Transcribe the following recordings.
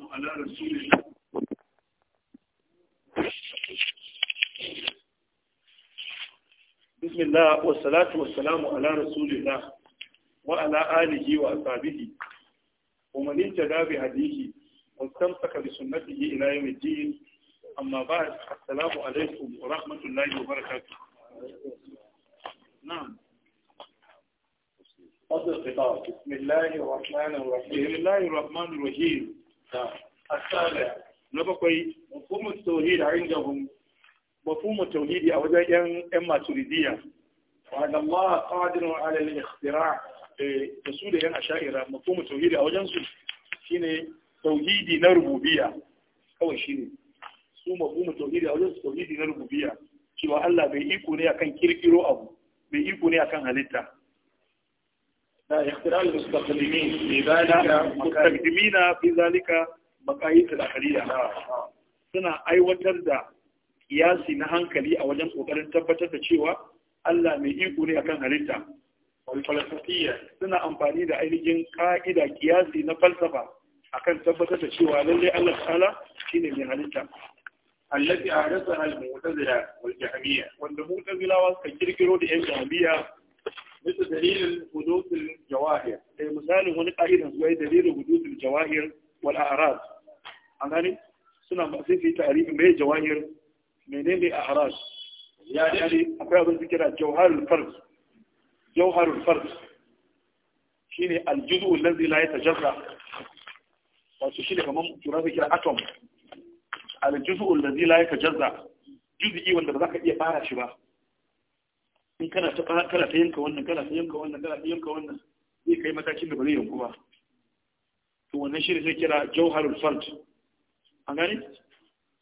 والسلام على رسول الله بسم الله والصلاة والسلام على رسول الله وعلى آله وأصحابه ومن اهتدى بهديه واستمسك بسنته إلى يوم الدين أما بعد السلام عليكم ورحمة الله وبركاته نعم فضل الخطاب بسم الله الرحمن الرحيم بسم الله الرحمن الرحيم na bakwai mafhumin tauhid indahum mafhumin tauhidi a wajen yan yan maturidiya wa da Allah qadirun ala al-ikhtira' da su da yan asha'ira mafhumin tauhidi a wajen su ne tauhidi na rububiya. kawai shi ne, su mafhumin tauhidi a wajen su tauhidi na rububiya. cewa Allah bai iko ne akan kirkiro abu bai iko ne akan halitta اختراع المستقلمين لذلك مستقدمين في ذلك مقاييس العقلية suna aiwatar da kiyasi na hankali a wajen kokarin tabbatar da cewa Allah mai iko ne akan halitta suna amfani da ainihin ka'ida kiyasi na falsafa akan tabbatar da cewa lalle Allah ta'ala shine mai halitta allati ahdatha al-mu'tazila suka kirkiro da yan jami'a? dalilin jawahir. مثل eh, misalin wani الجواهر مثال هنا dalilin هو jawahir حدوث الجواهر والأعراض أغاني suna masu fi tarihi mai jawahir menene a haraj ya dade akwai abin da kira jawharul fard jawharul fard shine aljuzu allazi la yatajarra wato shine kamar turafi kira atom aljuzu allazi la yatajarra juz'i wanda ba za ka iya fara shi ba in kana ta kana ta yanka wannan kana ta yanka wannan kana ta yanka wannan zai kai matakin da ba zai yanku ba to wannan shi ne sai kira jawharul fard an gani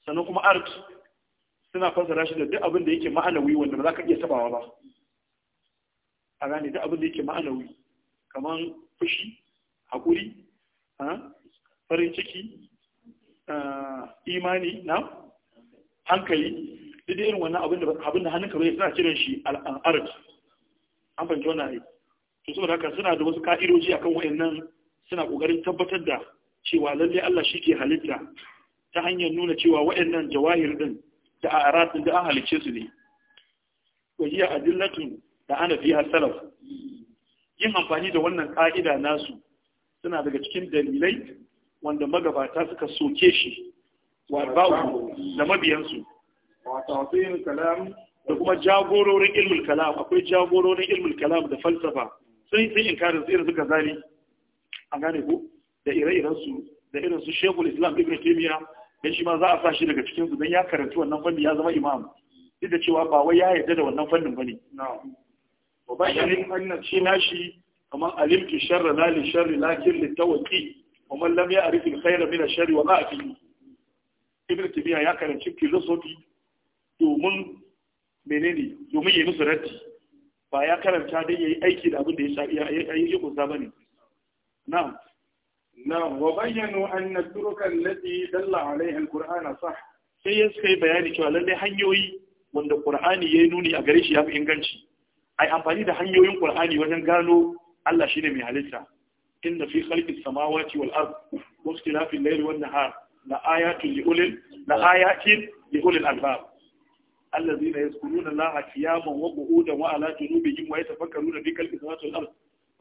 sannan kuma art suna fassara shi da duk abin da yake ma'anawi wanda ba za ka iya sabawa ba a gane duk abin da yake ma'anawi kamar fushi haƙuri farin ciki eh, imani na hankali sai dai irin wannan abin da abin da hannunka bai suna kiran shi al'arab an fahimci wannan ne to saboda haka suna da wasu ka'idoji akan wayannan suna kokarin tabbatar da cewa lalle Allah shi ke halitta ta hanyar nuna cewa wayannan jawahir din da a'rad din da an halicce su ne wa hiya adillatu da ana fiha salaf yin amfani da wannan ka'ida nasu suna daga cikin dalilai wanda magabata suka soke shi wa ba'u da mabiyansu tafsirin kalam da kuma jagororin ilmul kalam akwai jagororin ilmul kalam da falsafa sun sun inkarin irin suka gazali A gane ku da ire-iren su da irin su shekul islam ibn taymiya dan shi ma za a sa shi daga cikin su dan ya karanci wannan fanni ya zama imam duk da cewa ba wai ya yarda da wannan fannin bane na'am wa bayan annan shi nashi kaman alimtu sharra la li sharri lakin li tawqi wa man lam ya'rif al khayra min al sharri wa ma fihi ibn taymiya ya karanci philosophy domin menene domin ya yi musu raddi ba ya karanta dai ya yi aiki da abin da ya yi kusa ba ne Na, na'am wa bayyanu na turuka allati dalla alaiha alquran sah sai ya suka yi bayani cewa lallai hanyoyi wanda qur'ani ya yi nuni a gare shi ya fi inganci ai amfani da hanyoyin qur'ani wajen gano Allah shine mai halitta inna fi khalqis samawati wal ard wa ikhtilafil layli wan nahar la ayatin li ulil la ayatin li ulil albab allazina yazkuruna allaha qiyaman wa qu'udan wa ala junubihim wa yatafakkaruna fi khalqis samawati wal ard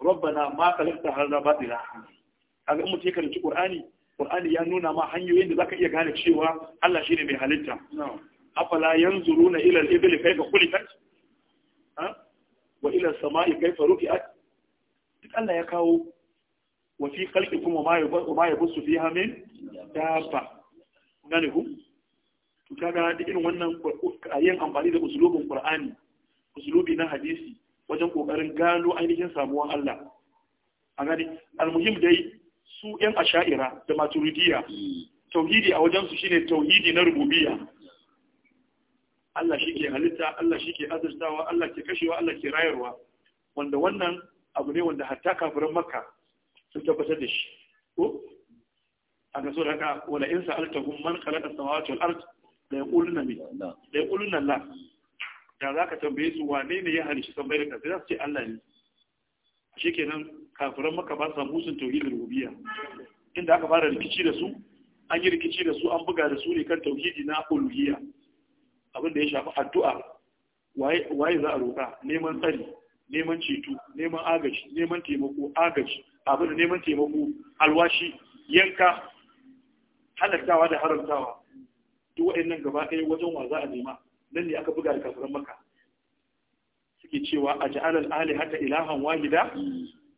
rabbana ma khalaqta hadha batila kaga in mutum ya karanci qur'ani qur'ani ya nuna ma hanyoyin da zaka iya gane cewa Allah shine mai halitta afala yanzuruna ila al-ibli kayfa khuliqat wa ila as-sama'i kayfa rufi'at duk Allah ya kawo wa fi khalqikum wa ma yabsu fiha min dabba gane ku to kaga da irin wannan yin amfani da usulubin qur'ani usulubi na hadisi wajen kokarin gano ainihin samuwan Allah a gani almuhim dai su yan asha'ira da maturidiya tauhidi a wajen su shine tauhidi na rububiyya Allah shi ke halitta Allah shi ke azurtawa Allah ke kashewa Allah ke rayarwa wanda wannan abu ne wanda hatta kafiran makka sun tabbatar da shi ko a ga so da haka wala in sa'altahum man khalaqa as-samawati wal ardh da ya ƙuluna da ya la da za ka tambaye su wane ne ya halishi tambayar ka sai za su ce Allah ne shi kenan kafiran maka ba sa musun tauhidin rubiya inda aka fara rikici da su an yi rikici da su an buga da su ne kan tauhidi na uluhiyya abin da ya shafi addu'a waye za a roƙa neman tsari neman ceto neman agaji neman taimako agaji abin da neman taimako alwashi yanka halartawa da haramtawa duk waɗannan gaba ɗaya wajen wa za a nema nan ne aka buga da kafiran maka suke cewa a ja'alal ali hata ilahan wahida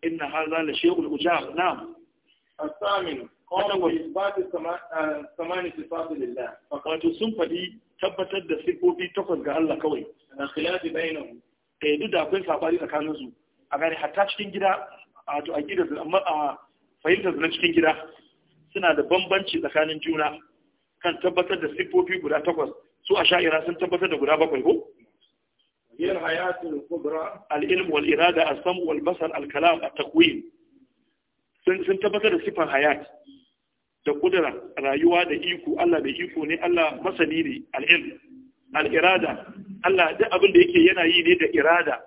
inna hadha la shay'un ujab na'am asamin samin wa isbat eh, samani sifat lillah wato sun faɗi tabbatar da sifofi takwas ga Allah kawai na khilafi bainahum eh duk da akwai sabani tsakanin su a gani hatta cikin gida a wato aqidar amma a fahimtar na cikin gida suna da bambanci tsakanin juna kan tabbatar da siffofi guda takwas su a sha'ira sun tabbatar da guda bakwai ko hiyar hayatul kubra al-ilm wal irada as-sam wal basar sun tabbatar da sifan hayat da kudura rayuwa da iko Allah da iko ne Allah masani ne al al'irada, Allah da abin da yake yana yi ne da irada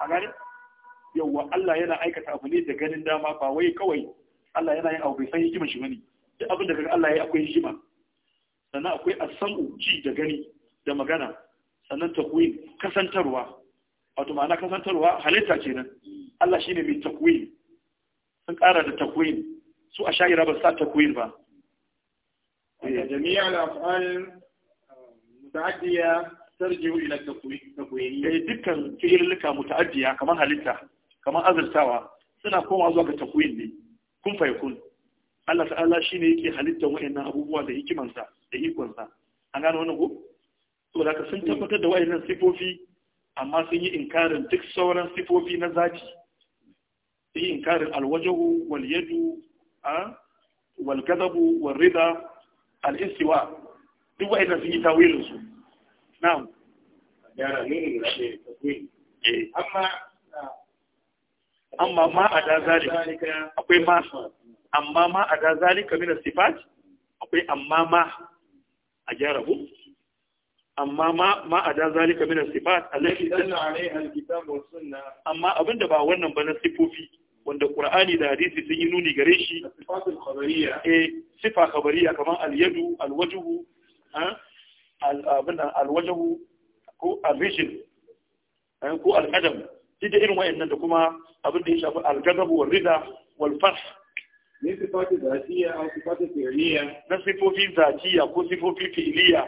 a gani yawwa Allah yana aikata abu ne da ganin dama ba wai kawai Allah yana yin abu bai san hikimar shi bane da abin da kaga Allah ya akwai hikima sannan akwai asamu ji da gani da magana sannan takwin kasantarwa wato ma'ana kasantarwa halitta kenan Allah shine mai takwin sun ƙara da takwin su a sha'ira ba sa takwin ba jami'a al-af'al muta'addiya tarji'u ila takwin eh dukkan fi'ilika muta'addiya kamar halitta kamar azurtawa suna komawa zuwa ga takwin ne kun fa kun. Allah ta'ala shi ne yake halittar wa'annan abubuwa da hikimansa da ikonsa an gano wannan ko to da sun tabbatar da wa'annan sifofi amma sun yi inkarin duk sauran sifofi na zati sun yi inkarin alwajahu wal yadu a wal gadabu wal rida al istiwa duk wa'annan sun yi tawilin su na'am ne ne eh. amma amma ma a da zalika akwai masu amma ma a da zalika min sifat akwai amma ma a jarabu? amma ma ma a da zalika min sifat allati dalla alaiha sunna amma abinda ba wannan ba na sifofi wanda qur'ani da hadisi sun yi nuni gare shi sifatul eh sifa khabariya kaman al-yadu al abinda al ko al adam ko al irin wayannan da kuma abinda ya shafi al-ghadab wal rida wal-fath na sifofi zatiya ko sifofi fi'iliya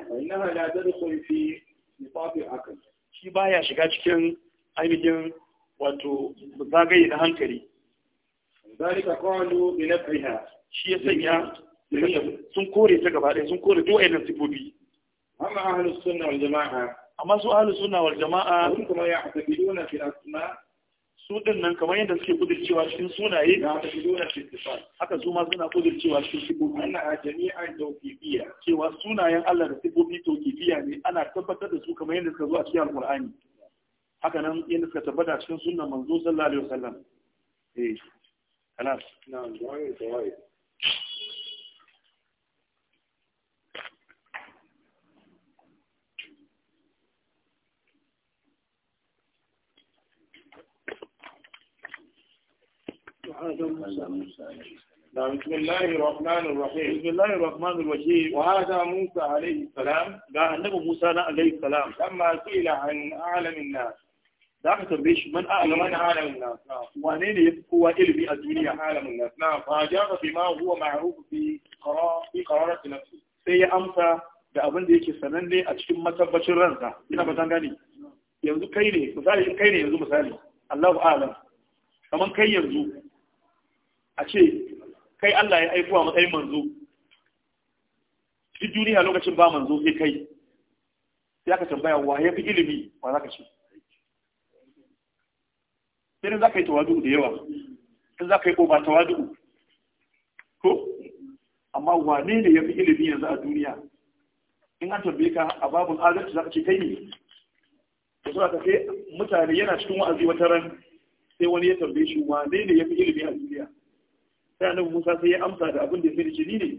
shi baya shiga cikin ainihin wato zagaye na hankali zalika qalu bi nafsiha shi ya sanya sun kore ta gaba ɗaya sun kore duk wayannan sifofi amma ahlus sunna wal jamaa amma su ahlus sunna wal jamaa kuma ya atabiduna fi asma' su din nan kamar yadda suke kudircewa cikin sunaye na haka su ma suna kudircewa cikin sifofi Allah a jami'an tawqifiyya cewa sunayen Allah da sifofi tawqifiyya ne ana tabbatar da su kamar yadda suka zo a cikin alqur'ani haka nan yadda suka tabbata cikin sunan manzo sallallahu alaihi wasallam eh خلاص نعم بسم الله الرحمن الرحيم بسم الله الرحمن الرحيم وهذا موسى عليه السلام ده النبي موسى عليه السلام لما سئل عن أعلم الناس da aka tambaye shi man a'lamu na alamin nas wane kowa ilimi a duniya alamin nas na fa ja'a fi ma huwa ma'ruf sai ya amsa da abin da yake sananne a cikin matabbacin ransa ina ba gane yanzu kai ne misali kai ne yanzu misali Allahu a'lam Kamar kai yanzu a ce kai Allah ya aiko a matsayin manzo cikin duniya lokacin ba manzo sai kai sai aka tambaya wa ya fi ilimi ba za ka ce sai za ka yi tawadu da yawa sai za ka yi ba tawadu ko amma wane ne ya fi ilimi yanzu a duniya in an tambaye ka a babun adalci za ka ce kai ne da zuwa ka sai mutane yana cikin wa'azi wata ran sai wani ya tambaye shi wane ne ya fi ilimi a duniya sai annabi musa sai ya amsa da abin da sai da ne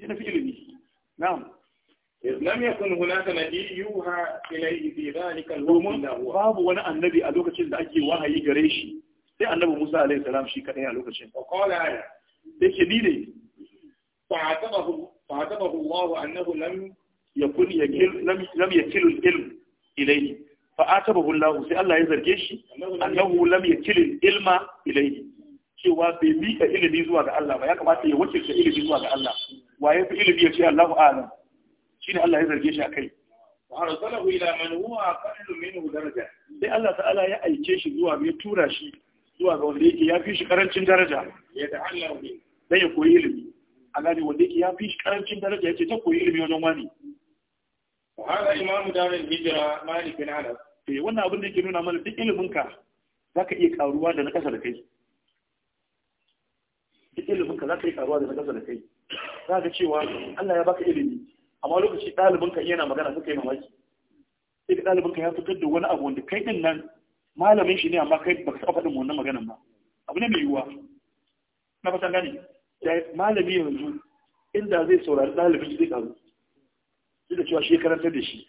ya nafi ilimi na'am lam yakun hunaka nabi yuha ilayhi fi dhalika al-umr babu wani annabi a lokacin da ake wahayi gare shi sai annabi musa alayhi salam shi kadai a lokacin fa ne fa'atabahu fa'atabahu Allah annahu lam yakun yakil lam lam yakil al-ilm ilayhi fa'atabahu sai Allah ya zarge shi annahu lam yakil ilma ilayhi cewa bai miƙa ilimi zuwa ga Allah ba ya kamata ya wace shi ilimi zuwa ga Allah wa ya fi ilimi ya ce Allahu a'lam ne Allah ya zarge shi akai wa arsalahu ila man huwa aqallu minhu daraja sai Allah ta'ala ya aice shi zuwa ya tura shi zuwa ga wanda yake ya fi shi karancin daraja ya ta'allamu bi dan ya koyi ilimi a gani wanda yake ya fi shi karancin daraja ya ce ta koyi ilimi wajen wani wa hada imamu darul hijra malik bin anas eh wannan abin da yake nuna mana duk ilimin ka zaka iya karuwa da na kasa kai duk ilimin ka za ka yi karuwa da na kasa da kai za ka cewa Allah ya baka ilimi amma lokaci ɗalibin ka yana magana suka yi mamaki sai ka ɗalibin ya fitar da wani abu wanda kai ɗin nan malamin shi ne amma kai ka taɓa faɗin wannan maganan ba abu ne mai yiwuwa na fatan gane da malami yanzu inda zai saurari ɗalibin shi zai karu duk da cewa shi ya karantar da shi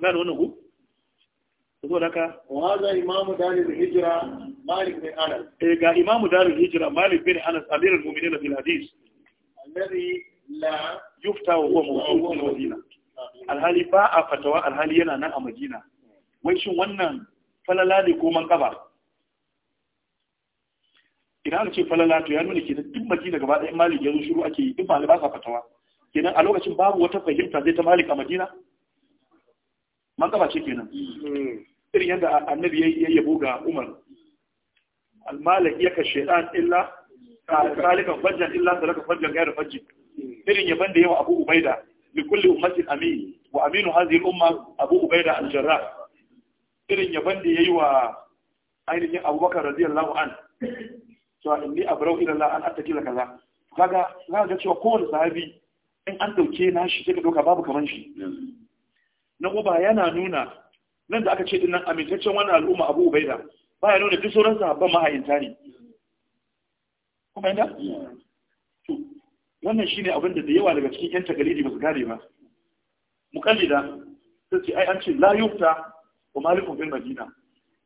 na da wannan ku zo daga waza imamu dalil hijira malik bin anas eh ga imamu dalil hijira malik bin anas amirul mu'minin fil hadis alladhi la yufta wa huwa mawjud fil alhali ba a fatawa alhali yana nan a madina wai shin wannan falala ne ko manqaba idan aka ce falala to ya nuna ke duk madina gaba ɗaya malik ya zo shiru ake yi duk malik ba sa fatawa kenan a lokacin babu wata fahimta zai ta malik a madina manqaba ce kenan hmm. irin yadda annabi ya yabo ga umar ya kashe ɗan illa salikan fajjan illa salaka fajjan da fajji irin yaban da yawa abu ubaida da kulle ummatin amini wa aminu hadhihi umar umma abu ubaida al irin yaban da ya yi wa ainihin abubakar radiyallahu an cewa inni abrau ila la'an an tafi da kaza kaga za ga cewa kowane sahabi in an dauke na shi sai ka doka babu kaman shi na ba yana nuna nan da aka ce dinnan amintaccen wannan al'umma abu ubaida baya nuna fi sauran sahabban mahayinta ne kuma yadda to wannan shine abin da da yawa daga cikin yan tagalidi ba su gane ba muqallida sai ce ai an ce la yufta wa malikun fil madina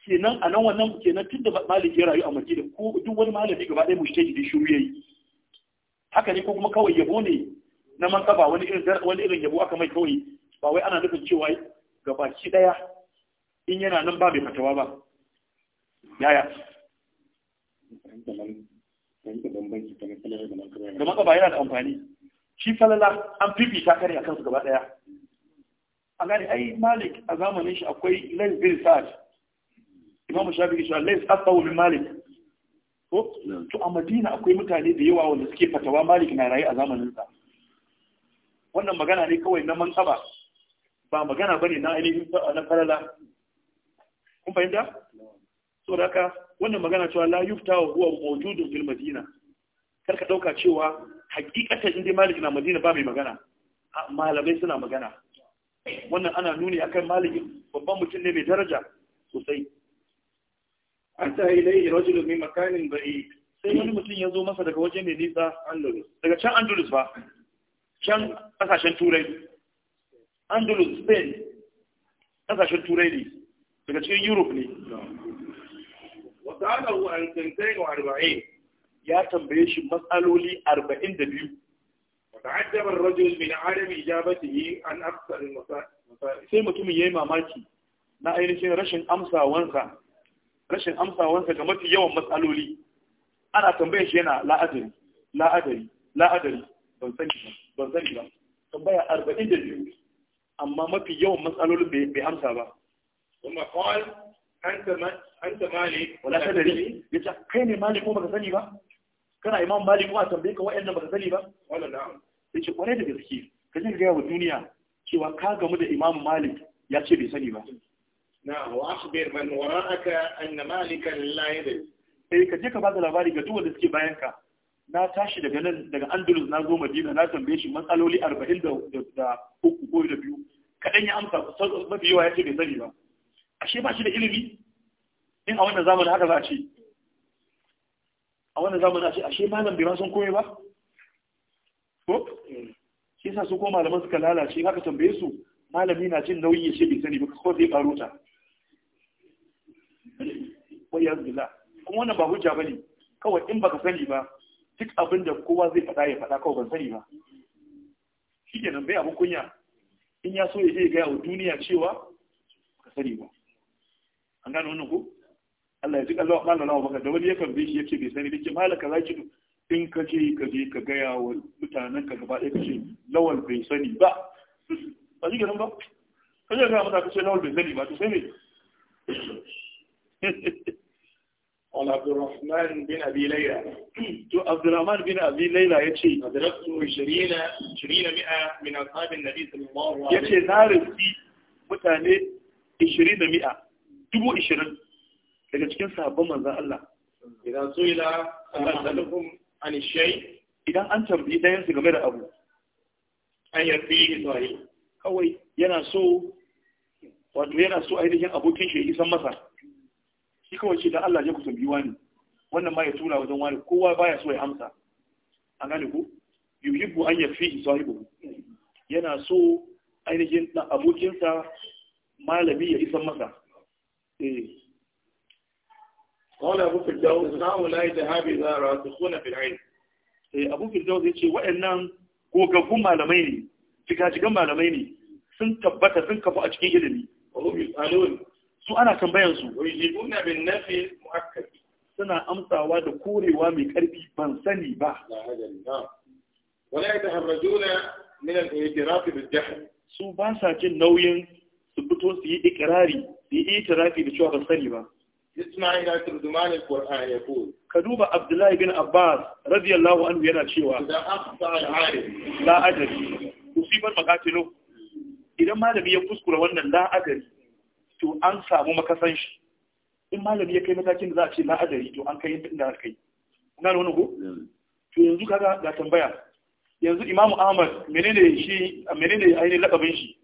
kenan a nan wannan kenan tun da maliki ya rayu a madina ko duk wani malami gaba ɗaya mushtahidi shiru yi. haka ne ko kuma kawai yabo ne na man wani irin wani irin yabo aka mai kawai ba wai ana nufin cewa gabaki ɗaya in yana nan ba fatawa ba yaya da matsaba yana da amfani shi falala an ta kare a kansu gaba daya a gani ai malik a zamanin shi akwai lens bin sa'ad imamu shafi'i shi lens asawo min malik ko to a madina akwai mutane da yawa wanda suke fatawa malik na raye a zamanin sa wannan magana ne kawai na mantaba ba magana bane na ainihin na falala kun fahimta da haka wannan magana cewa la yufta wa huwa mawjudun fil madina kar ka dauka cewa hakikatan inda malik na madina ba mai magana malamai suna magana wannan ana nuni akan malikin babban mutum ne mai daraja sosai hatta ilai rajulun min makanin ba'i sai wani mutum ya zo masa daga waje mai nisa andalus daga can andalus ba can kasashen turai andalus spain kasashen turai ne daga cikin Europe ne wa sa'alahu an tantain wa arba'in ya tambaye shi matsaloli arba'in da biyu ta'ajjaba ar-rajul min adam ijabatihi an akthar al-masail sai mutumin ya yi mamaki na ainihin rashin amsawansa rashin amsawansa ga mafi yawan matsaloli ana tambaye shi yana la'adari la'adari la'adari ban sani ba ban sani ba tambaya 42 amma mafi yawan matsalolin bai amsa ba ثم قال أنت ما أنت ولا تدري كيني كان إمام تنبيك ولا نعم ولا تدري كذلك جاء الدنيا cewa ka gamu da Imam Malik ya ce bai sani ba. Na wa Eh ka je labari ga bayan ka. Na tashi daga nan daga Andalus na zo Madina na tambaye shi matsaloli 40 uku ko biyu. Kadan ya amsa mafi yawa ya ce bai sani ba. ashe ba shi da ilimi in a wannan zamanin haka za a ce a wannan zamanin a ce ashe malam bai ma san komai ba ko shi sa su ko malaman suka lalace haka tambaye su malami na jin nauyi ya ce bai sani ba ko zai faru ta wai ya zula kuma wannan ba hujja bane kawai in baka sani ba duk abin da kowa zai faɗa ya faɗa kawai ban sani ba shi nan bai abin kunya in ya so ya je ya gaya wa duniya cewa ka sani ba an gano wannan ko Allah ya ji Allah ma lalawa maka da wani ya kan shi yace bai sani bace malaka za ki in ka je ka je ka gaya wa mutanen ka gaba ɗaya kace lawal bai sani ba ba shi ganin ba ka je ga mutaka ce lawal bai sani ba to sai me قال عبد الرحمن بن أبي ليلى عبد الرحمن بن أبي ليلى يتشي أدركت عشرين عشرين مئة من أصحاب النبي صلى الله عليه وسلم يتشي نارسي متاني عشرين مئة dubu ishirin daga cikin sahabban manzan Allah idan so ila sallallahu an idan an tambi dayan su game da abu an yarfi sai kawai yana so wato yana so ainihin abokin shi ya isan masa shi kawai ce da Allah ya ku tambayi wani wannan ma ya tura wajen wani kowa baya so ya amsa A gane ku yuhibbu an yafi sahibu yana so ainihin dan abokinsa malami ya isan masa قال أبو فردوس هؤلاء ذهاب إذا راسخون في العلم Abu Firdaus ya ce waɗannan gogaggun malamai ne jigajigan malamai ne sun tabbata sun kafu a cikin ilimi su ana tambayan su suna amsawa da korewa mai karfi ban sani ba wala yataharrajuna min al-i'tiraf bil jahl su ba sa jin nauyin su su yi ikirari su yi itirafi da cewa ban sani ba Isma'il ya turduman al-Qur'an ya ko ka duba Abdullahi bin Abbas radiyallahu anhu yana cewa idan akhta al Ku la adri usiban maqatilu idan malami ya kuskura wannan la adri to an samu makasan shi in malami ya kai matakin da za a ce la adri to an kai inda aka kai kuna da wani ko to yanzu kaga ga tambaya yanzu Imam Ahmad menene shi menene ainihin lakabin shi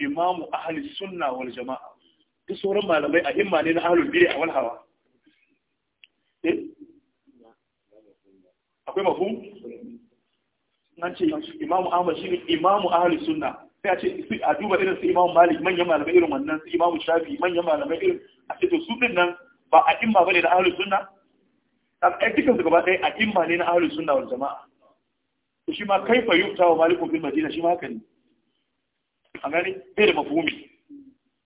imamu ahli sunna wal jama'a duk sauran malamai a himma ne na ahlul bid'a wal hawa eh? akwai mafu. nan ce imamu ahmad shi imamu ahli sunna sai a ce a duba irin su imamu malik manyan malamai irin wannan su imamu shafi manyan malamai irin a ce to su din nan ba a imma bane na ahlus sunna ai dukkan su gaba ɗaya a imma ne na ahlus sunna wal jama'a shi ma kaifa yuta wa malikun bil madina shi ma haka ne a gani bai da mafumi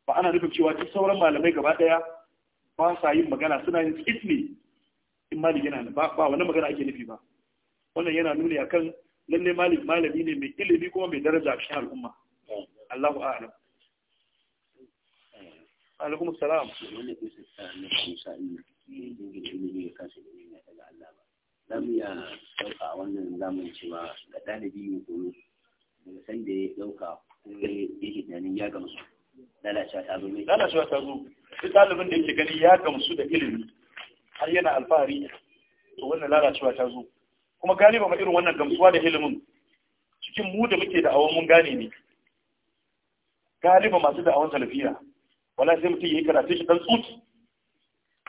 ba ana nufin cewa duk sauran malamai gaba daya ba sa yin magana suna yin tsitsi in malik yana ba ba wani magana ake nufi ba wannan yana nuni akan lalle malik malami ne mai ilimi kuma mai daraja a cikin al'umma Allahu a'lam alaikum salam wannan isa na ne ya kasance za mu iya ɗauka wannan zamanin cewa ga ɗalibi ne ko san da ya ɗauka Eh, eh, ya gamsu lalacewa ta zo lalacewa ta zo duk ɗalibin da yake gani ya gamsu da ilimi har yana alfahari to wannan lalacewa ta zo kuma galiba ma irin wannan gamsuwa da ilimin cikin mu da muke da'awon mun gane ne galiba masu da'awon salafiya wala sai mutum yayi karatu shi dan tsuki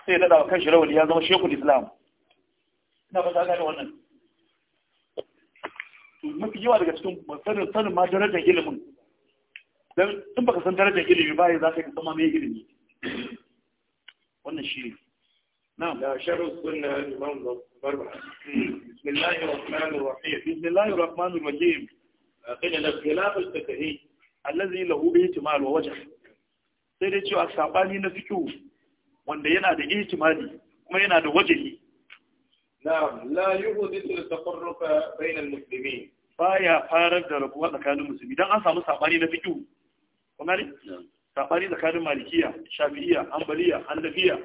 sai ya dada kan shi rawani ya zama shekul islam ina ba ta gane wannan mafi yawa daga cikin sanin sanin ma darajar ilimin dan in baka san darajar ilimi ba ya za ka sama mai ilimi wannan shi ne na لا شر sai dai cewa sabani na fikihu wanda yana da ihtimali kuma yana da wajehi na'am la yuhdithu at-tafarruq bayna al-muslimin baya farar da rabuwa tsakanin musulmi dan an samu sabani na fikihu kamar ne sabani tsakanin malikiya shafi'iya hanbaliya hannafiya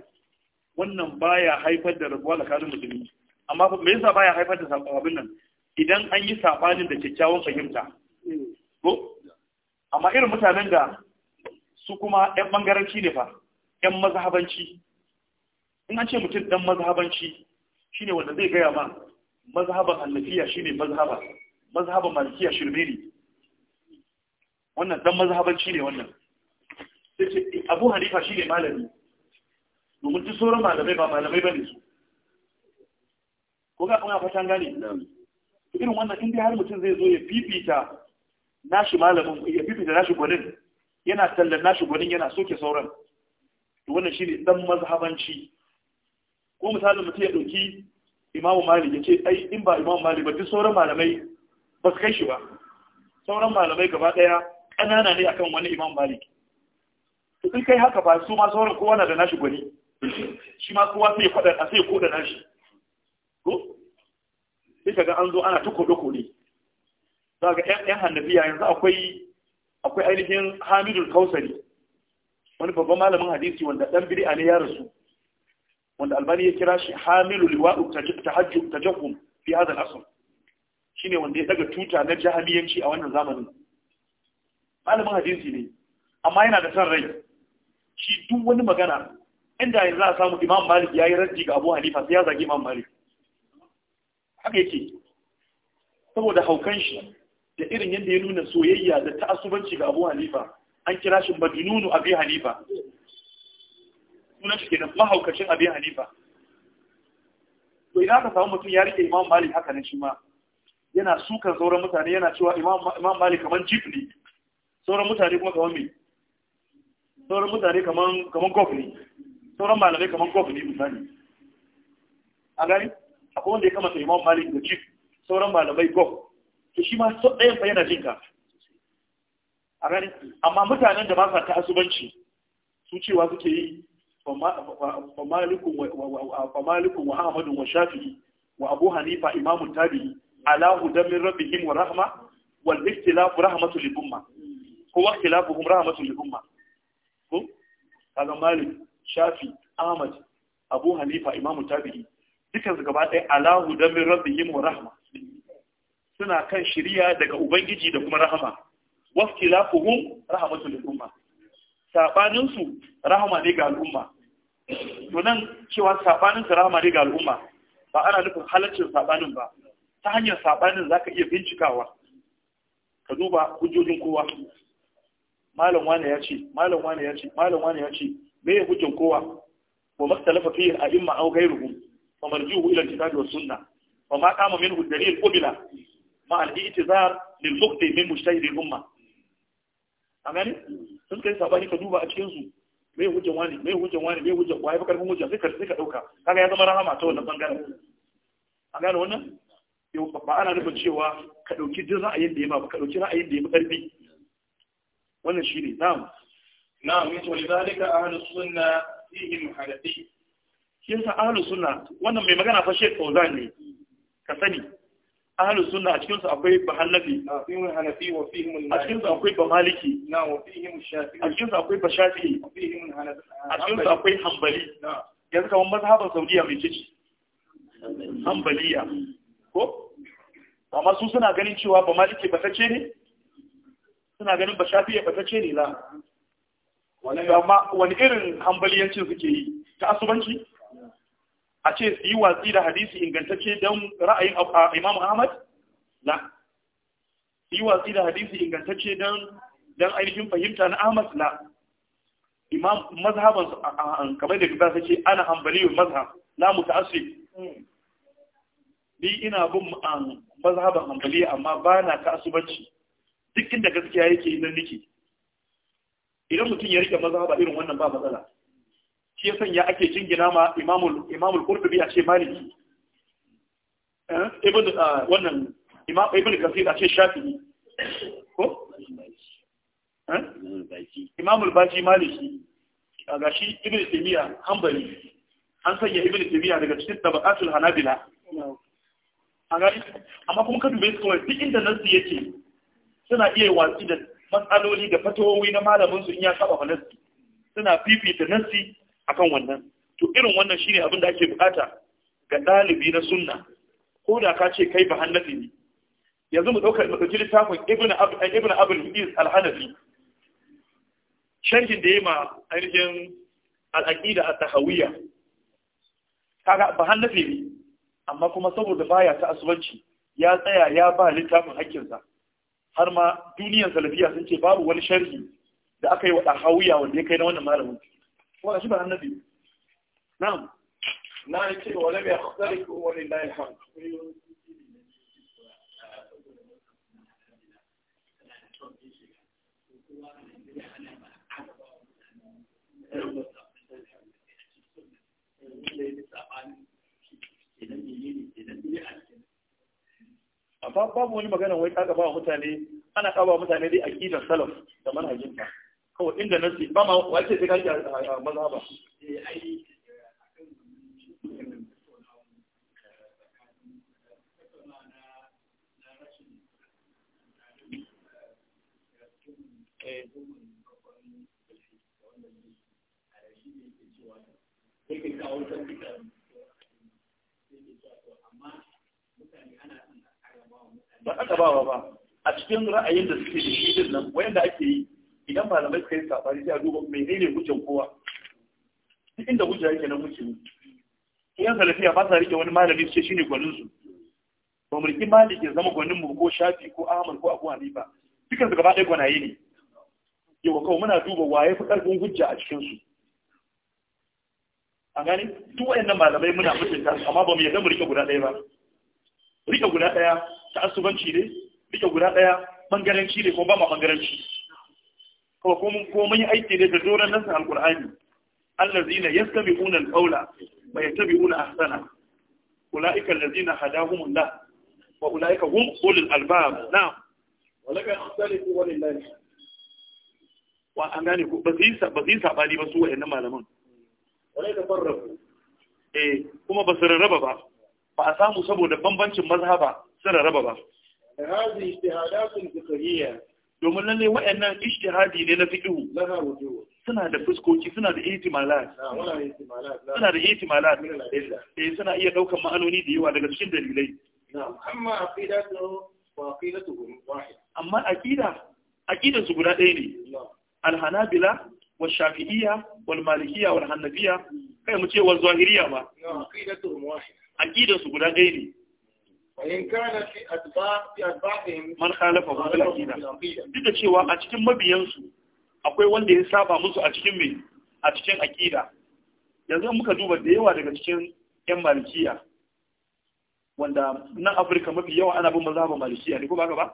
wannan baya haifar da rabuwa tsakanin musulmi amma me yasa baya haifar da sababin nan idan an yi sabanin da kyakkyawan fahimta ko amma irin mutanen da su kuma yan bangaranci ne fa yan mazhabanci in an ce mutum ɗan mazhabanci shine wanda zai gaya ma mazhaban hanafiya shine mazhaba mazhaban malikiya shirme ne wannan dan mazhabanci ne wannan sai ce eh, abu hanifa shi ne malami domin duk sauran malamai ba malamai ba ne su ko ga kuma fatan gane irin wannan inda har mutum zai zo ya fifita nashi malamin ya fifita nashi gwanin yana tallan nashi gwanin yana soke sauran to wannan shi ne dan mazhabanci ko misalin mutum ya ɗauki Imam malik ya ce ai in ba Imam malik ba duk sauran malamai ba su kai shi ba sauran malamai gaba ɗaya ƙanana ne akan wani imam malik to in kai haka ba su ma sauran kowa na da nashi gwani shi ma kowa sai kwada a sai koda nashi ko sai kaga an zo ana ta kode kode za ga yan hannabiya yanzu akwai akwai ainihin hamidul kausari wani babban malamin hadisi wanda dan bid'a ne ya rasu wanda albani ya kira shi hamilu liwa'u tahajjud tajahum fi hadha al-asr shine wanda ya daga tuta na jahiliyanci a wannan zamanin malamin hadisi ne amma yana da san rai shi duk wani magana inda yanzu za a samu imam malik ya yi raddi ga abu hanifa sai ya zagi imam malik haka yake saboda haukan shi da irin yadda ya nuna soyayya da ta'asubanci ga abu hanifa an kira shi madinunu abi hanifa sunan shi kenan mahaukacin abi hanifa to idan aka samu mutum ya rike imam malik haka nan shi ma yana sukan sauran mutane yana cewa imam malik kamar jif ne sauran mutane kuma kamar mai sauran mutane kamar kofini ne sauran malamai kamar kofini ne misali a a kuma da ya kama imam malik da chief sauran malamai gof to shi ma sau ɗayan fa yana jin ka a gari amma mutanen da ba sa ta asubanci su cewa suke yi famalikun wa hamadun wa Shafi wa abu hanifa imamun tabi'i alahu hudan rabbihim wa rahma wal ikhtilafu rahmatul lil umma ko wa khilafuhum rahmatul umma ko kaga malik shafi ahmad abu hanifa imam tabi'i dukan su gaba ɗaya alahu da min rabbihim wa rahma suna kan shiriya daga ubangiji da kuma rahama wa khilafuhum rahmatul lil umma sabanin su rahama ne ga al'umma to nan cewa sabanin su rahama ne ga al'umma ba ana nufin halaccin sabanin ba ta hanyar sabanin zaka iya bincikawa ka duba hujjojin kowa malam wani ya ce malam wani ya ce malam wani ya ce me ya hujjan kowa wa maktalafa fihi a'imma aw ghayruhum fa marji'uhu ila kitabi wa sunnah wa ma qama minhu dalil qubila ma al-i'tizar lil muqti min mujtahid al-umma amani sun kai sabani ka duba a cikin su me hujjan wani me hujjan wani me hujjan wai fa karfin hujja sai ka sai ka dauka kaga ya zama rahama ta wannan bangaren a gane wannan yau ba ana nufin cewa ka dauki duk ra'ayin da ya ba ka dauki ra'ayin da ya fi karfi wannan shi ne, na'am na'am yace a ahlus sunna fihim hadathi shi yasa ahlus sunna wannan mai magana fa Sheikh Fauzan ne ka sani ahlus sunna a cikin su akwai bahallafi fihim hanafi wa a cikin su akwai bamaliki na'am wa shafi'i a cikin su akwai bashafi'i fihim hanafi a cikin su akwai hanbali yanzu kamar mazhaban Saudiya mai cici hanbaliya ko amma su suna ganin cewa ba maliki ba tace ne suna ganin ba shafi ya ce ne la wani irin hambaliyancin suke yi ta asubanci a ce su yi watsi da hadisi ingantacce don ra'ayin imam ahmad la su yi watsi da hadisi ingantacce don don ainihin fahimta na ahmad la imam mazhaban kamar da gaba ce ana hambaliyun mazhab la muta'assib hmm. ni ina bin um, mazhaban hambaliya amma ba na ta asubanci duk inda gaskiya yake yi nan niki idan mutum ya rike ba irin wannan ba matsala shi ya sanya ake jingina ma imamul imamul qurtubi a ce maliki eh ibn ah, wannan imam ibn kasir a ce shafi'i ko eh imamul baji maliki a gashi ibn taymiya hanbali an sanya ibn taymiya daga cikin tabaqatul hanabila an gani amma kuma ka dube su kawai duk inda nasu yake suna iya watsi da matsaloli da fatawowi na malamin su in ya saba falasti suna fifita nassi akan wannan to irin wannan shine abin da ake bukata ga dalibi na sunna ko da ka ce kai ba hannafi ne yanzu mu ɗaukar mu dauki littafin ibn ibn abul hadis al-hanafi sharhin da yayi ma ainihin al-aqida at-tahawiyya kaga ba ne amma kuma saboda baya ta asubanci ya tsaya ya ba littafin hakkinsa har ma duniyar salafiya sun ce babu wani sharhi da aka yi wa ɗahawiya wanda ya kai na wannan malamin kuma shi ba annabi na'am na yi ce wa lam yakhtalifu wa lillahi alhamd Thank you. amma babu wani magana wai kaga ba mutane ana kawo mutane dai aqidar salaf da manhajin ta kawai inda nasi ba ma wace sai kaji mazhaba eh. ke kawo Thank you. ba ka bawa ba a cikin ra'ayin da suke da shi nan wayanda ake yi idan malamai suka yi safari sai a duba mai ne hujjan kowa duk inda hujja yake nan muke mu yan salafiya ba sa rike wani malami ce shine gwanin su ba mulkin riki zama gwanin mu ko shafi ko ahmad ko abu hanifa dukkan su gaba ɗaya gwanaye ne yau kawai muna duba waye fi karfin hujja a cikin su a gani duk wayannan malamai muna mutunta su amma ba mu yarda mu rike guda ɗaya ba rike guda ɗaya ta'assubanci ne duka guda ɗaya bangaranci ne ko ba ma bangaranci kuma ko mun yi aiki ne da doron sa alqur'ani allazina yastabiquna alqawla wa yattabi'una ahsana ulaika allazina hadahumullah wa ulaika hum ulul albab na'am walaka ikhtalifu walillahi wa an gane ko ba bazisa yi sabani ba su wayannan malaman walaka farrafu eh kuma ba su rarraba ba ba a samu saboda bambancin mazhaba suna raba ba hadhihi ijtihadatun fiqhiyya domin lalle wayannan ijtihadi ne na fiqhu suna da fuskoki suna da ihtimalat ah, suna da ihtimalat eh suna iya daukan ma'anoni da yawa daga cikin dalilai amma aqidatu wa aqidatuhum wahid amma aqida aqidan su guda ɗaya ne al-hanabila wa shafi'iyya wal malikiyya wal hanafiyya kai mu ce wa zahiriyya ba aqidatuhum wahid aqidan su guda ɗaya ne in كان في atba في atba'ihim من khalafa hu al-aqida duk da cewa a cikin mabiyansu akwai wanda ya saba musu a cikin me a cikin aqida yanzu muka duba da yawa daga cikin yan malikiya wanda nan Afirka mafi yawa ana bin mazhabin malikiya ne ko ba ka ba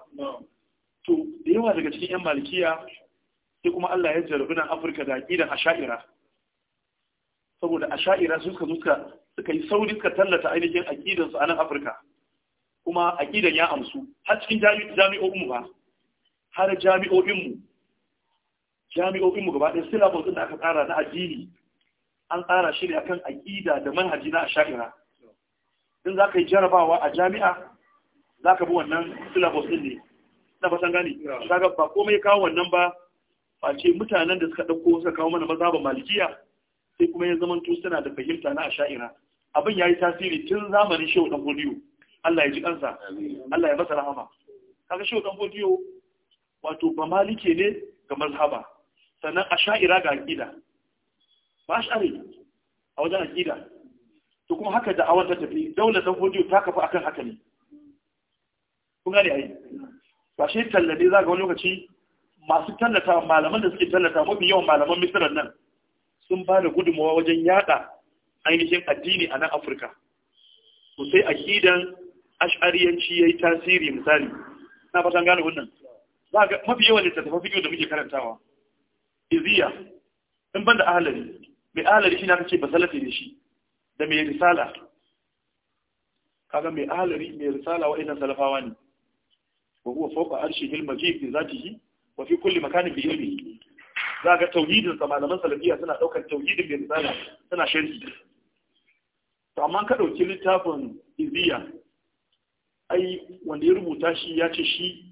to da yawa daga cikin yan malikiya sai kuma Allah ya jarabi nan Afirka da aqidan asha'ira saboda asha'ira suka suka suka yi sauri suka tallata ainihin aqidansu a nan Afirka kuma aqidan ya amsu har cikin jami'o'in mu ba har jami'o'in mu gaba ɗaya syllabus din da aka tsara na addini an tsara shi ne akan aqida da manhaji na asha'ira in za ka yi jarabawa a jami'a za ka bi wannan syllabus din ne na fasan gani ba komai kawo wannan ba face mutanen da suka dauko suka kawo mana mazhabin malikiya sai kuma ya zama to suna da fahimta na asha'ira abin ya yi tasiri tun zamanin shehu dan godiyo Allah ya ji kansa Allah ya masa rahama kaga shi dan godiyo wato ba malike ne ga mazhaba sannan asha'ira ga aqida ba ari a wajen aqida to kuma haka da awar ta tafi daular ɗan godiyo ta kafa akan haka ne kun gane ai ba shi tallade za ga wani lokaci masu tallata malaman da suke tallata mafi yawan malaman misirar nan sun ba da gudunmawa wajen yada ainihin addini a nan afirka to sai akidan ash'ariyanci yi tasiri misali na fatan gane wannan za ga mafi yawan littattafan fiqh da muke karantawa iziya in banda ahalari, mai ahalari shi na kace salafi ne shi da mai risala kaga mai ahalari mai risala wa'annan salafawa ne wa huwa fawqa arshi hil za bi yi wa fi kulli makanin bi ilmihi za ga tauhidin sa malaman salafiya suna daukar tauhidin mai risala suna sharhi to amma ka dauki littafin iziya ai wanda ya rubuta shi ya ce shi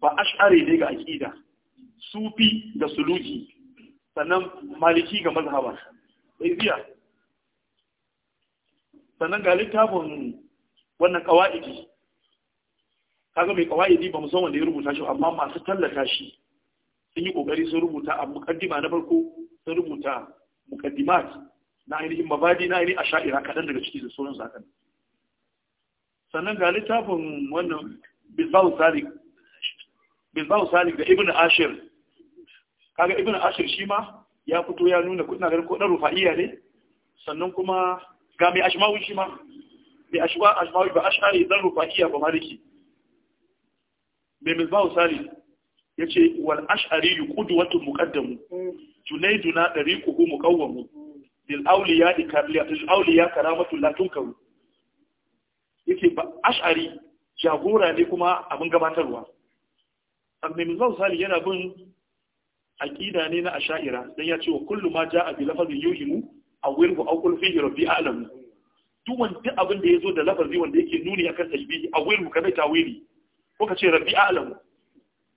ba ash'ari ne ga aƙida sufi da suluki sannan maliki ga mazhaba sai biya sannan ga littafin wannan kawa'idi kaga mai kawa'idi ba san wanda ya rubuta shi amma masu tallata shi sun yi kokari sun rubuta a mukaddima na farko sun rubuta mukaddimat na ainihin mabadi na ainihin sha'ira, kaɗan daga ciki da sauran zakan sannan ga littafin wannan bisbahu salik da Ibn ashir kaga Ibn ashir shi ma ya fito ya nuna kuna ganin ko rufa'iya ne sannan kuma ga mai ashmawi shi ma mai ashwa ashmawi ba ashari zan rufa'iya ba maliki mai misbahu salik ya ce wal ash'ari qudwatun muqaddamu junayduna dariquhu muqawwamu lil awliya lil awliya karamatu la tunkaru yake ba ash'ari jagora ne kuma abin gabatarwa amma misal sali yana bin aqida ne na ash'ira dan ya ce wa kullu ma jaa bi lafazin yuhimu aw wirhu aw qul fihi rabbi a'lam duk wanda abin da yazo da lafazi wanda yake nuni akan tajbihi aw wirhu kada tawili ko ka ce rabbi a'lam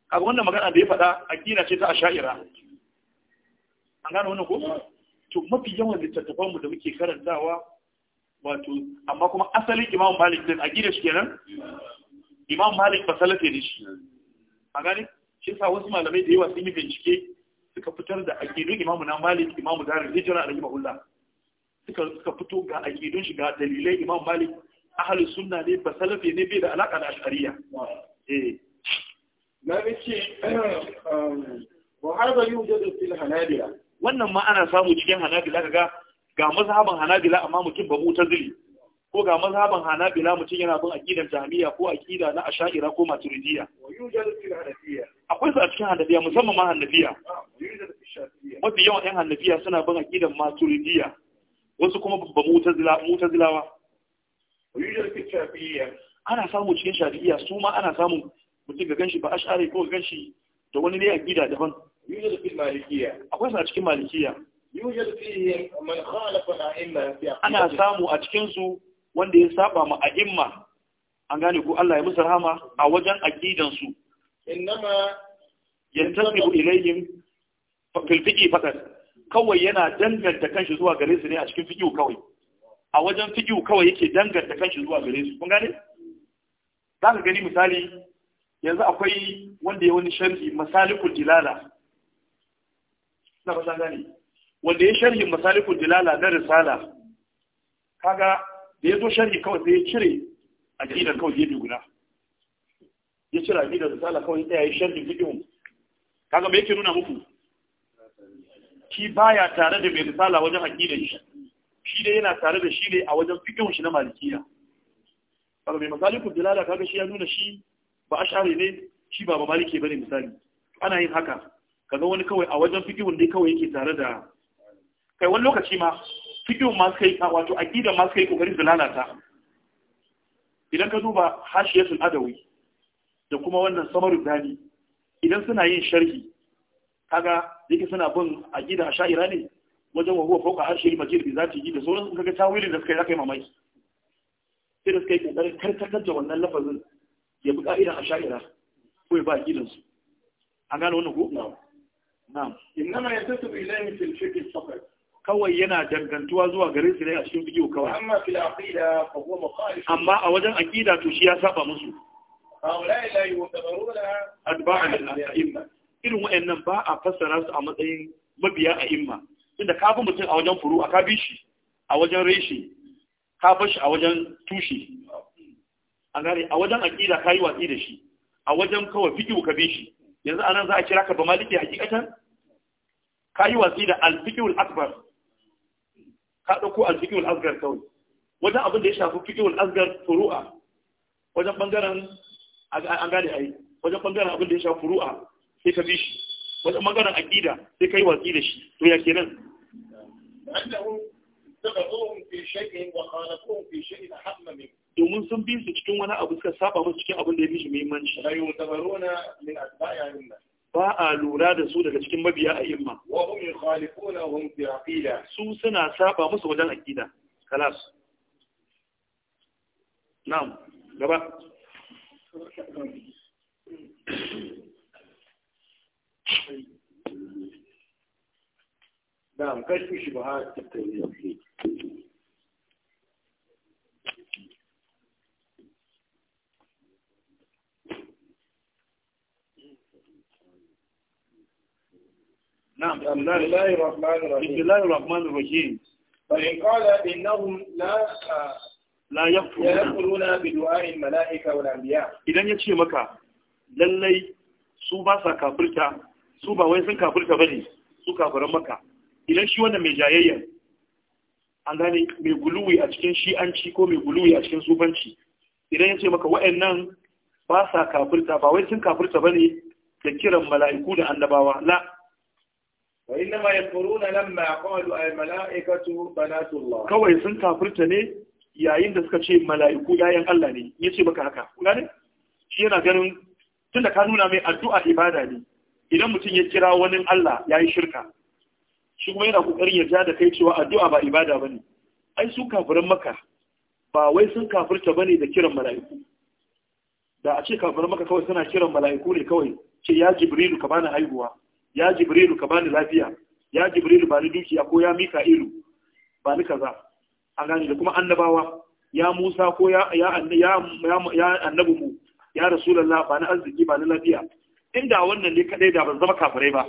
kaga wannan magana da ya faɗa aqida ce ta ash'ira an gano wannan ko to mafi yawan littattafan mu da muke karantawa wato amma kuma asalin imam malik din a gida shi kenan imam malik ba salafe ne shi a gani shi sa wasu malamai da yawa sun yi bincike suka fitar da aqidun imam na malik imamu zarin hijira a rahimahullah suka suka fito ga aqidun shi ga dalilai imam malik ahli sunna ne ba salafe ne bai da alaka da ashariya eh na ce um, wa har ba yujadu fil hanabila wannan ma ana samu cikin hanabila kaga ga mazhaban hanabila amma mutum ba mu mu'tazili ko ga mazhaban hanabila mutum yana bin aqidar jami'a ko aqida na asha'ira ko maturidiyya akwai su a cikin hanafiya musamman ma hanafiya ah, mafi yawan yan hanafiya suna bin aqidar maturidiyya wasu kuma ba ta zilawa. ana samu cikin shafi'iyya su ma ana samun mutum ga ganshi ba ash'ari ko ganshi da wani ne aqida daban akwai su a cikin malikiya ana samu a cikinsu wanda ya saba ma a'imma an gane ko Allah ya musu rahama a wajen aqidansu innama yantasibu ilayhim fil fiqi fakat kawai yana danganta kanshi zuwa gare su ne a cikin fiqi kawai a wajen fiqi kawai yake danganta kanshi zuwa gare su kun gane za ka gani misali yanzu akwai wanda ya wani sharhi masalikul dilala na ba gane wanda ya sharhi masaliku dilala na risala kaga da ya zo sharhi kawai sai ya cire aqidar kawai gefe guda ya cire aqidar risala kawai sai ya yi sharhi fiqh kaga me yake nuna muku shi baya tare da mai risala wajen aqidar shi shi dai yana tare da shi ne a wajen fikin shi na malikiya kaga mai masaliku dilala kaga shi ya nuna shi ba ashari ne shi ba ba malike bane misali ana yin haka kaga wani kawai a wajen fikin dai kawai yake tare da kai wani lokaci ma fidiyon ma suka yi wato aƙidan ma suka yi ƙoƙari su lalata idan ka duba hashiyatul adawi da kuma wannan samarin dani idan suna yin sharhi kaga yake suna bin a sha'ira ne wajen wa huwa harshe yi majiyar bi zati yi da sauran sun kaga tawilin da suka yi zaka yi mamaki sai da suka yi kokarin karkatar da wannan lafazin ya bi a sha'ira ko ya ba gidansu. A an gane wannan ko na'am na innama yatasu ilayhi fil fiqh faqat kawai yana dangantuwa zuwa gare su ne a cikin fiqh kawai amma a wajen aqida to shi ya saba musu irin wayannan ba a fassara su a matsayin mabiya a imma inda ka fi mutum a wajen furu a ka bi shi a wajen reshe ka bar shi a wajen tushe a gare a wajen aqida ka yi watsi da shi a wajen kawai fiqh ka bi shi yanzu anan za a kira ka ba maliki hakikatan ka yi watsi da al-fiqh akbar ka ɗauko alfiƙiwul asgar kawai wajen abin da ya shafi fiƙiwul asgar furu'a wajen ɓangaren an gane yi, wajen ɓangaren abin da ya shafi furu'a sai ka bi shi wajen ɓangaren aƙida sai ka yi watsi da shi to ya ke nan domin sun bi su cikin wani abu suka saba musu cikin abin da ya fi shi muhimmanci ba a lura da su daga cikin mabiya a imma wa hum yukhalifunahum fi aqida su suna saba musu wajen aqida kalas na'am gaba نعم كشف شبهات التوحيد نعم بسم الله الرحمن الرحيم بسم su ba sa kafirta su ba wai sun kafirta ba ne su kafiran maka idan shi wannan mai jayayya an gane mai guluwi a cikin shi'anci ko mai guluwi a cikin sufanci idan ya ce maka wa'annan ba sa kafirta ba wai sun kafirta ba ne da kiran mala'iku da annabawa la وإنما يكفرون لما قالوا الملائكة بنات الله كوي سن كافرت ne yayin da suka ce mala'iku yayin Allah ne ce baka haka kuna ne shi yana ganin tunda ka nuna mai addu'a ibada ne idan mutum ya kira wani Allah ya yi shirka shi kuma yana kokarin ya ja da kai cewa addu'a ba ibada ne ai su kafirin maka ba wai sun kafirta ne da kiran mala'iku da a ce kafirin maka kawai suna kiran mala'iku ne kawai ce ya jibrilu ka bani haihuwa ya jibrilu ka bani lafiya ya jibrilu bani dukiya ko ya mika'ilu bani kaza an gani da kuma annabawa ya musa ko ya Annabu mu ya rasulullah bani arziki bani lafiya inda wannan ne kadai da ban zama kafirai ba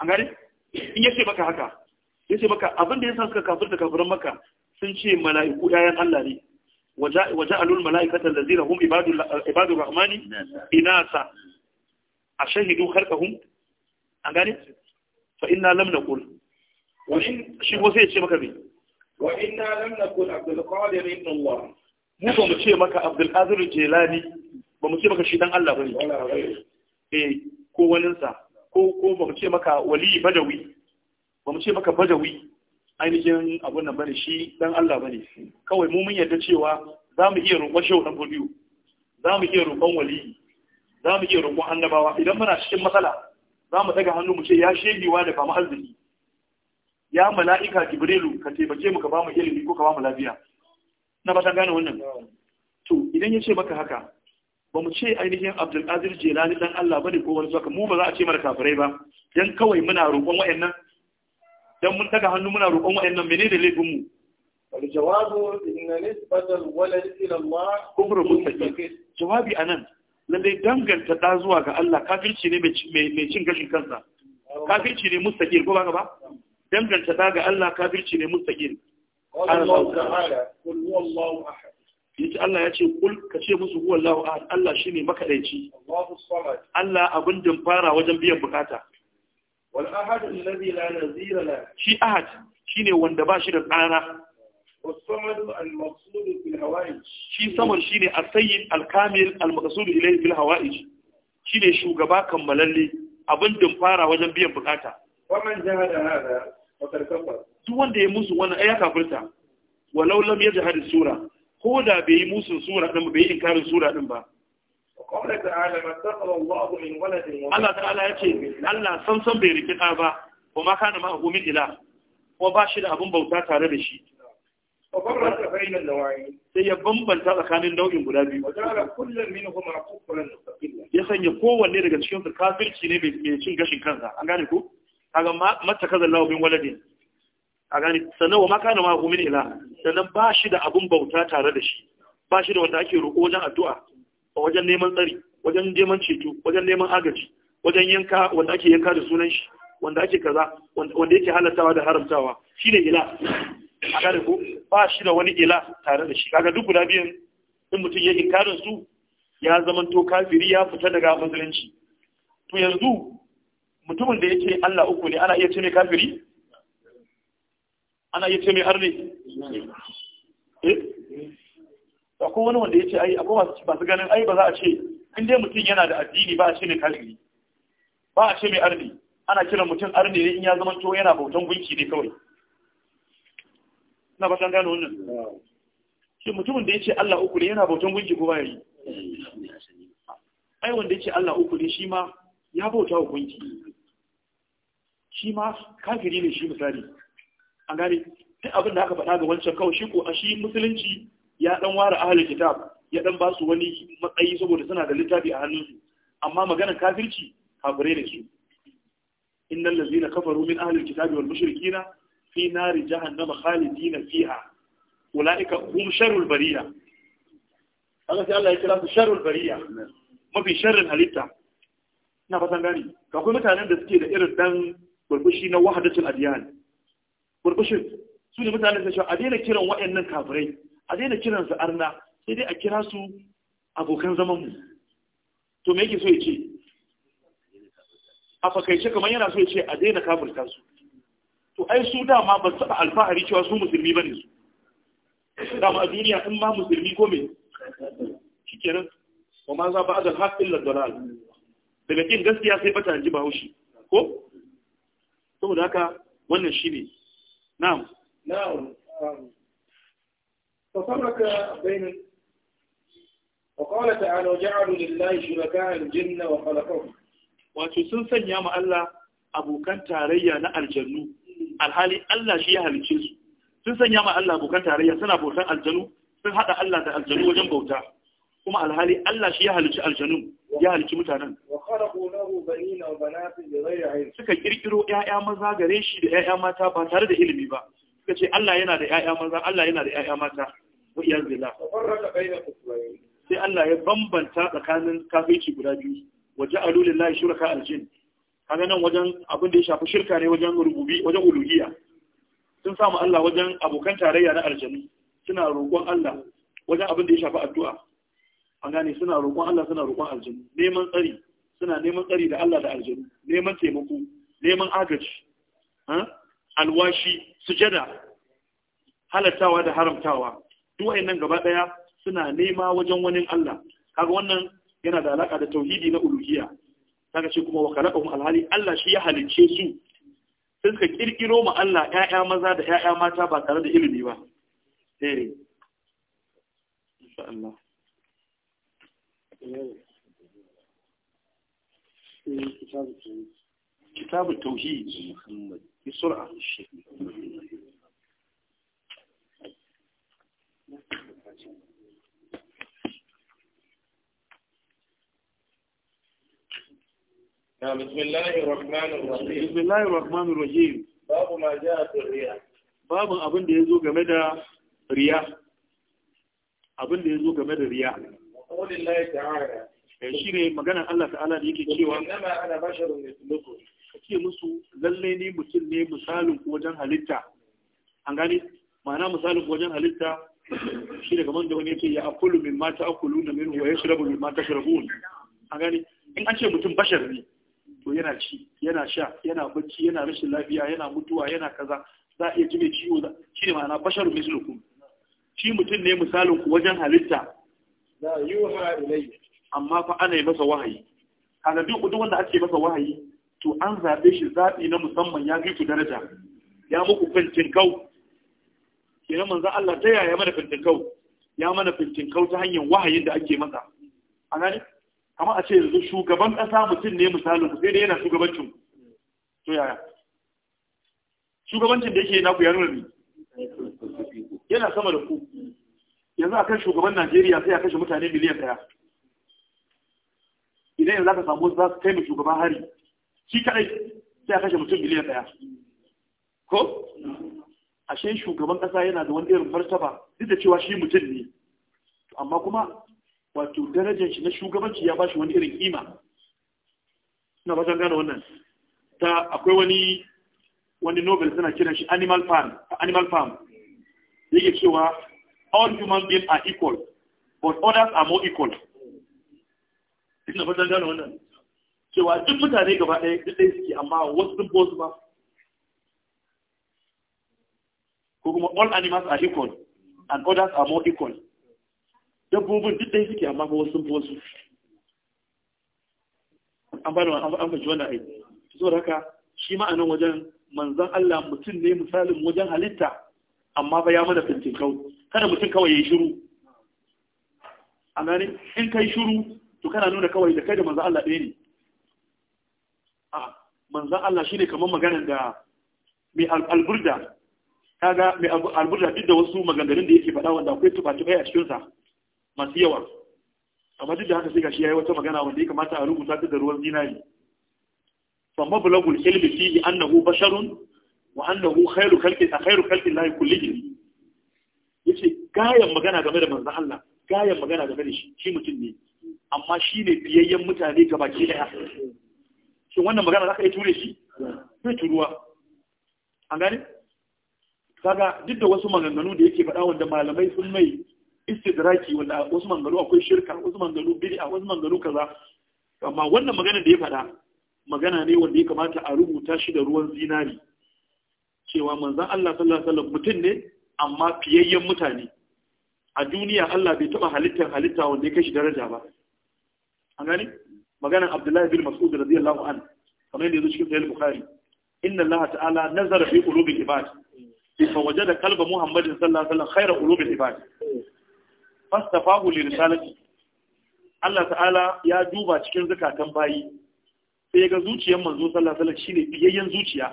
an gani in yace maka haka yace maka abin da yasa suka kafir da kafiran maka sun ce mala'iku yayan Allah ne waja'alul mala'ikata allazina hum ibadul ibadur rahmani inasa ashhadu khalqahum an gane fa ina lamna naqul wa shi ko sai ya ce maka me wa ina lamna naqul abdul qadir ibn allah mu ba mu ce maka abdul qadir jilani ba mu ce maka shi dan Allah bane eh ko waninsa ko ko ba mu ce maka wali badawi ba mu ce maka badawi ainihin abun nan bane shi dan Allah bane kawai mu mun yarda cewa za mu iya roƙon shehu dan bodiyo za mu iya roƙon wali za mu iya roƙon annabawa idan muna cikin matsala za mu daga hannu mu ce ya shegewa da kama arziki ya mala'ika jibrilu ka taimake mu ka ba mu ilimi ko ka ba mu lafiya na ba ta gane wannan to idan ya ce maka haka ba mu ce ainihin abdulkadir jelani dan Allah ba ne ko wani zaka mu ba za a ce mara kafirai ba dan kawai muna roƙon wayannan dan mun daga hannu muna roƙon wayannan menene laifin mu wal jawabu inna nisbatal walad ila Allah kufru jawabi anan lallai danganta ɗa zuwa ga Allah kafirci ne mai cin gashin kansa kafirci ne mustaqil ko ba ba danganta ɗa ga Allah kafirci ne mustaqil Allah ya ce kul ka ce musu huwa ahad Allah shine makadaici Allah abin fara wajen biyan bukata wal ahad alladhi la nazira la shi ahad shine wanda ba shi da tsara والصمد المقصود shi الهوائج شي صمد شيني السيد الكامل المقصود إليه في الهوائج شيني شو غبا كمالالي abin wajen biyan bukata hada duk wanda ya musu wannan ya kafirta walau lam yajhad sura ko da bai yi musu sura din bai yi inkarin sura din ba Allah ta'ala ya ce, Allah samsan bai rikita ba, kuma kana ma'a min ila, kuma ba shi da abin bauta tare da shi, fafarraka bainal nawayi sai ya bambanta tsakanin nau'in guda biyu wajala kullum minhum kufran mustaqilla ya sanya kowanne daga cikin su kafirci ne mai cin gashin kansa an gane ko kaga mata kaza lahu min a gane sannan wa makana ma hu min ila sannan ba shi da abin bauta tare da shi ba shi da wanda ake roƙo wajen addu'a wajen neman tsari wajen neman ceto wajen neman agaji wajen yanka wanda ake yanka da sunan shi wanda ake kaza wanda yake halattawa da haramtawa shi ne ila a gane ba shi da wani ila tare da shi kaga duk guda biyan in mutum ya inkarin su ya to kafiri ya fita daga musulunci to yanzu mutumin da yake Allah uku ne ana iya ce mai kafiri ana iya ce mai harne eh ko wani wanda yake ai akwai masu ganin ai ba za a ce in dai mutum yana da addini ba a ce mai kafiri ba a ce mai arni ana kiran mutum arni ne in ya to yana bautan gunki ne kawai na fatan gano wannan shi mutumin da ya ce Allah uku ne yana bautan gunki ko bayani ai wanda ya ce Allah uku ne shi ma ya bauta wa gunki shi ma kafiri ne shi misali an gane duk abin da aka faɗa ga wancan kawai shi ko a shi musulunci ya dan ware ahalin kitab ya dan ba su wani matsayi saboda suna da littafi a hannunsu amma maganar kafirci kafirai ne su innal ladzina kafaru min ahli alkitabi wal mushrikina fi nari jahannama khalidina fiha ulaika hum sharul bariya aka sai Allah ya kira su sharul bariya mafi sharrin halitta ina fatan gani ga akwai mutanen da suke da irin dan burbushi na wahadatul adiyan burbushin su ne mutanen da cewa a daina kiran wa'annan kafirai a daina kiran su arna sai dai a kira su abokan zaman mu to me yake so ya ce a fakaice kamar yana so ya ce a daina kafirta su to ai su dama ba su alfahari cewa su musulmi ba ne su dama a duniya in ma musulmi ko me shi nan wa ma za ba a da haƙƙin lardalal daga ƙin gaskiya sai bata ji haushi ko saboda haka wannan shi ne Na na'am na'am تفرق بين وقال da وجعلوا لله na wa وخلقهم wato sun sanya ma Allah abokan tarayya na aljannu alhali Allah shi ya halicce su sun sanya ma Allah abokan tarayya suna bautan aljanu sun hada Allah da aljanu wajen bauta kuma alhali Allah shi ya halicci aljanu ya halicci mutanen suka kirkiro ƴaƴa maza gare shi da ƴaƴa mata ba tare da ilimi ba suka ce Allah yana da ƴaƴa maza Allah yana da ƴaƴa mata wa iyaz billah sai Allah ya bambanta tsakanin kafirci guda biyu wa ja'alu lillahi shuraka aljin kaga nan wajen abin da ya shafi shirka ne wajen rububi wajen uluhiyya sun samu Allah wajen abokan tarayya na aljanu suna roƙon Allah wajen abin da ya shafi addu'a an gane suna roƙon Allah suna roƙon aljanu neman tsari suna neman tsari da Allah da aljanu neman taimako neman agaji alwashi sujada halattawa da haramtawa duk wayannan gaba daya suna nema wajen wani Allah kaga wannan yana da alaka da tauhidi na uluhiyya kaga shi kuma wakala khalaqahum alhali Allah shi ya halicce su sai suka kirkiro ma Allah ƴaƴa maza da ƴaƴa mata ba tare da ilimi ba eh insha Allah كتاب التوحيد بسرعة Thank you. بسم الله الرحمن الرحيم بسم الله الرحمن الرحيم باب ما جاء في الرياء باب abin da yazo game da riya abin da yazo game da riya wallahi ta'ala shi ne magana Allah ta'ala da yake cewa inna ana basharun mithlukum kace musu lalle ne mutum ne misalin wajen halitta an gane ma'ana misalin wajen halitta shi daga man da wani yake ya akulu min ma na min wa yashrabu min ma tashrabun an gane in an ce mutum bashar ne to yana ci yana sha yana bacci yana rashin lafiya yana mutuwa yana kaza za a iya ji mai ciwo shi ne ma'ana basharu mislukum shi mutum ne misalin ku wajen halitta la yuha ilayhi amma fa ana yi masa wahayi kaga duk duk wanda ake masa wahayi to an zabe shi zabi na musamman ya fi ku daraja ya muku fintin kau kenan manzo Allah ta yaya mana fintin kau ya mana fintin kau ta hanyar wahayin da ake masa a gani kama a ce yanzu shugaban ƙasa mutum ne misalin ku sai dai yana shugabancin to yaya shugabancin da yake ku ya nuna ne yana sama da ku yanzu akan shugaban Najeriya sai ya kashe mutane miliyan ɗaya idan yanzu aka samu za su kai mu shugaban hari shi kaɗai sai ya kashe mutum miliyan ɗaya ko ashe shugaban ƙasa yana da wani irin martaba duk da cewa shi mutum ne amma kuma wato darajar shi na shugabanci ya bashi wani irin kima na ba gane wannan ta akwai wani wani nobel suna kiran shi animal farm animal farm yake cewa all human beings are equal but others are more equal ina fatan gane wannan cewa duk mutane gaba ɗaya duk ɗaya suke amma wasu sun bosu ba ko kuma all animals are equal and others are more equal dabbobin duk ɗaya suke amma wasu fi wasu an ba da an faci wannan aiki saboda haka shi ma'anin wajen manzan Allah mutum ne misalin wajen halitta amma ba ya mana fintin kau kada mutum kawai ya yi shiru a gani in kai shiru to kana nuna kawai da kai da manzan Allah ɗaya ne a manzan Allah shi ne kamar maganar da mai alburda kaga mai alburda duk da wasu maganganun da yake faɗa wanda akwai tuba-tubai a cikinsa masu yawa amma duk da haka sai gashi yayi wata magana wanda ya kamata a rubuta ta da ruwan zinari fa mablagul ilmi fihi annahu basharun wa annahu khairu khalqi khairu khalqi Allah kullihi yace gayan magana game da manzo Allah gayan magana game da shi shi mutum ne amma shi ne biyayyen mutane ga baki daya shi wannan magana zaka yi ture shi sai turuwa an gane kaga duk da wasu maganganu da yake faɗa wanda malamai sun mai istidraki wanda wasu mangalu akwai shirka wasu mangalu a wasu mangalu kaza amma wannan magana da ya faɗa magana ne wanda ya kamata a rubuta shi da ruwan zinari cewa manzan Allah sallallahu alaihi wasallam mutum ne amma fiyayyen mutane a duniya Allah bai taba halittar halitta wanda ya kai shi daraja ba an gani maganar Abdullahi bin Mas'ud radiyallahu anhu kamar yadda ya cikin Sahih Bukhari inna Allah ta'ala nazara fi qulubi ibad fa wajada qalba Muhammadin sallallahu alaihi wasallam khayra qulubi ibad fastafahu li risalati Allah ta'ala ya duba cikin zakatan bayi sai ga zuciyar manzo sallallahu alaihi wasallam shine biyayyen zuciya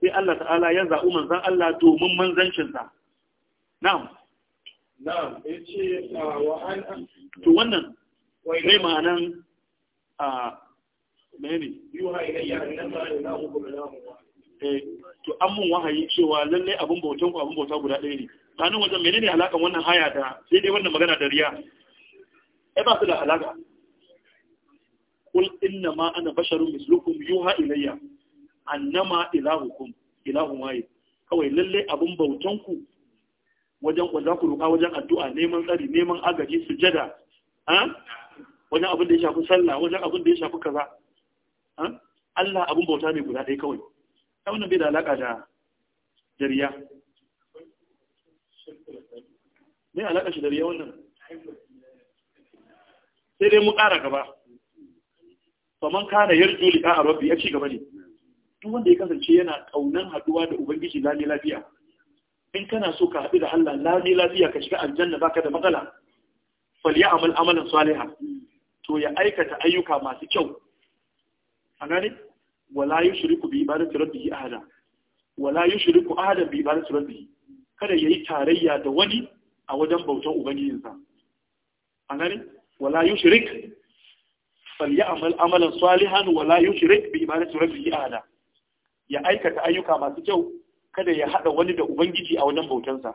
sai Allah ta'ala ya zaɓi manzan Allah domin sa Na'am. Na'am, ya ce ah, wa an To wannan, mai ma'anan a ah, mene? Eh, to an mun wahayi cewa lallai abin bautan ku abin bauta guda ɗaya ne. a wajen mene ne alakan wannan haya da sai dai wannan magana da riya E ba su da alaka kul inna ma ana basharun mislukum yuha ilayya annama ilahukum ilahun waye kawai lalle abin bautan ku wajen wanda ku roƙa wajen addu'a neman tsari neman agaji sujada ha wajen abin da ya shafi sallah wajen abin da ya shafi kaza ha Allah abin bauta ne guda ɗaya kawai wannan bai da alaƙa da jariya me alaƙa shi da riya wannan sai dai mu ƙara gaba faman kana yarju liqa a rabbi ya ci gaba ne duk wanda ya kasance yana kaunan haɗuwa da ubangiji lami lafiya in kana so ka haɗu da Allah lami lafiya ka shiga aljanna ba ka da matsala amal amalan saliha to ya aikata ayyuka masu kyau a gane wala shiriku bi ibadati rabbihi ahada wala shiriku ahadan bi ibadati rabbihi kada yayi tarayya da wani a wajen bautan ubangijinsa A gani wala shirik, falye amalan salihan wala shirik bi ibadati rabbihi ahada ya aikata ayyuka masu kyau kada ya hada wani da ubangiji a wajen bautansa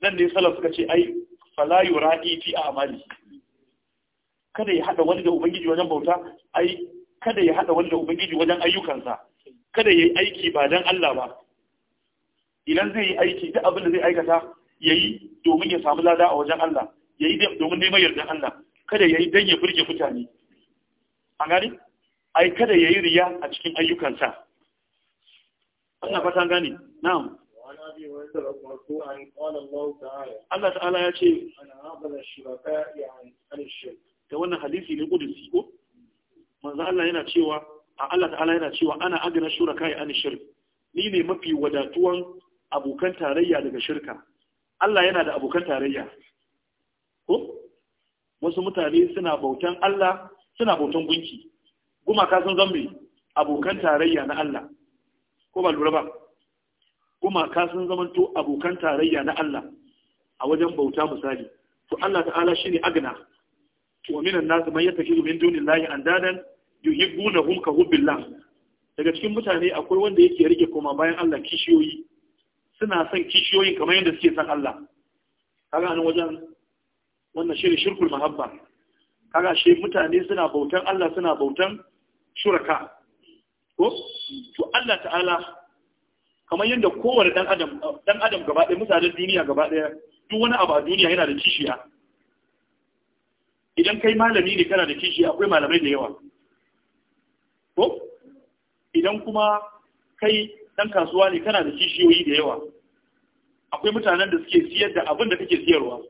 nan ne salaf suka ce ai fala ra'i fi amali kada ya hada wani da ubangiji wajen bauta ai kada ya hada wani da ubangiji wajen ayyukansa kada ya yi aiki ba dan Allah ba idan zai yi aiki duk abin da zai aikata yayi domin ya samu lada a wajen Allah yayi domin neman yardan Allah kada yayi dan ya burge mutane an gani ai kada yayi riya a cikin ayyukansa Allah fata gani na'am Allah ta'ala ya ce da wannan hadisi ne kudusi ko manzo Allah yana cewa a Allah ta'ala yana cewa ana agana shuraka ya an shirk ni ne mafi wadatuwan abokan tarayya daga shirka Allah yana da abokan tarayya ko wasu mutane suna bautan Allah suna bautan gunki gumaka sun zambe abokan tarayya na Allah ko ba lura ba gumaka sun to abokan tarayya na Allah a wajen bauta misali to Allah ta'ala shine agna wa minan nas man yattakidu min dunillahi andadan hum ka hubbillah daga cikin mutane akwai wanda yake rike koma bayan Allah kishiyoyi suna son kishiyoyin kamar yadda suke san Allah kaga nan wajen wannan shirin shirkul mahabba kaga shi mutane suna bautan Allah suna bautan shuraka ko to Allah ta'ala kamar yadda kowane dan adam dan adam gaba ɗaya mutanen duniya gaba ɗaya duk wani abu a duniya yana da kishiya idan kai malami ne kana da kishiya akwai malamai da yawa ko idan kuma kai dan kasuwa ne kana da kishiyoyi da yawa akwai mutanen da suke siyar da abin da kake siyarwa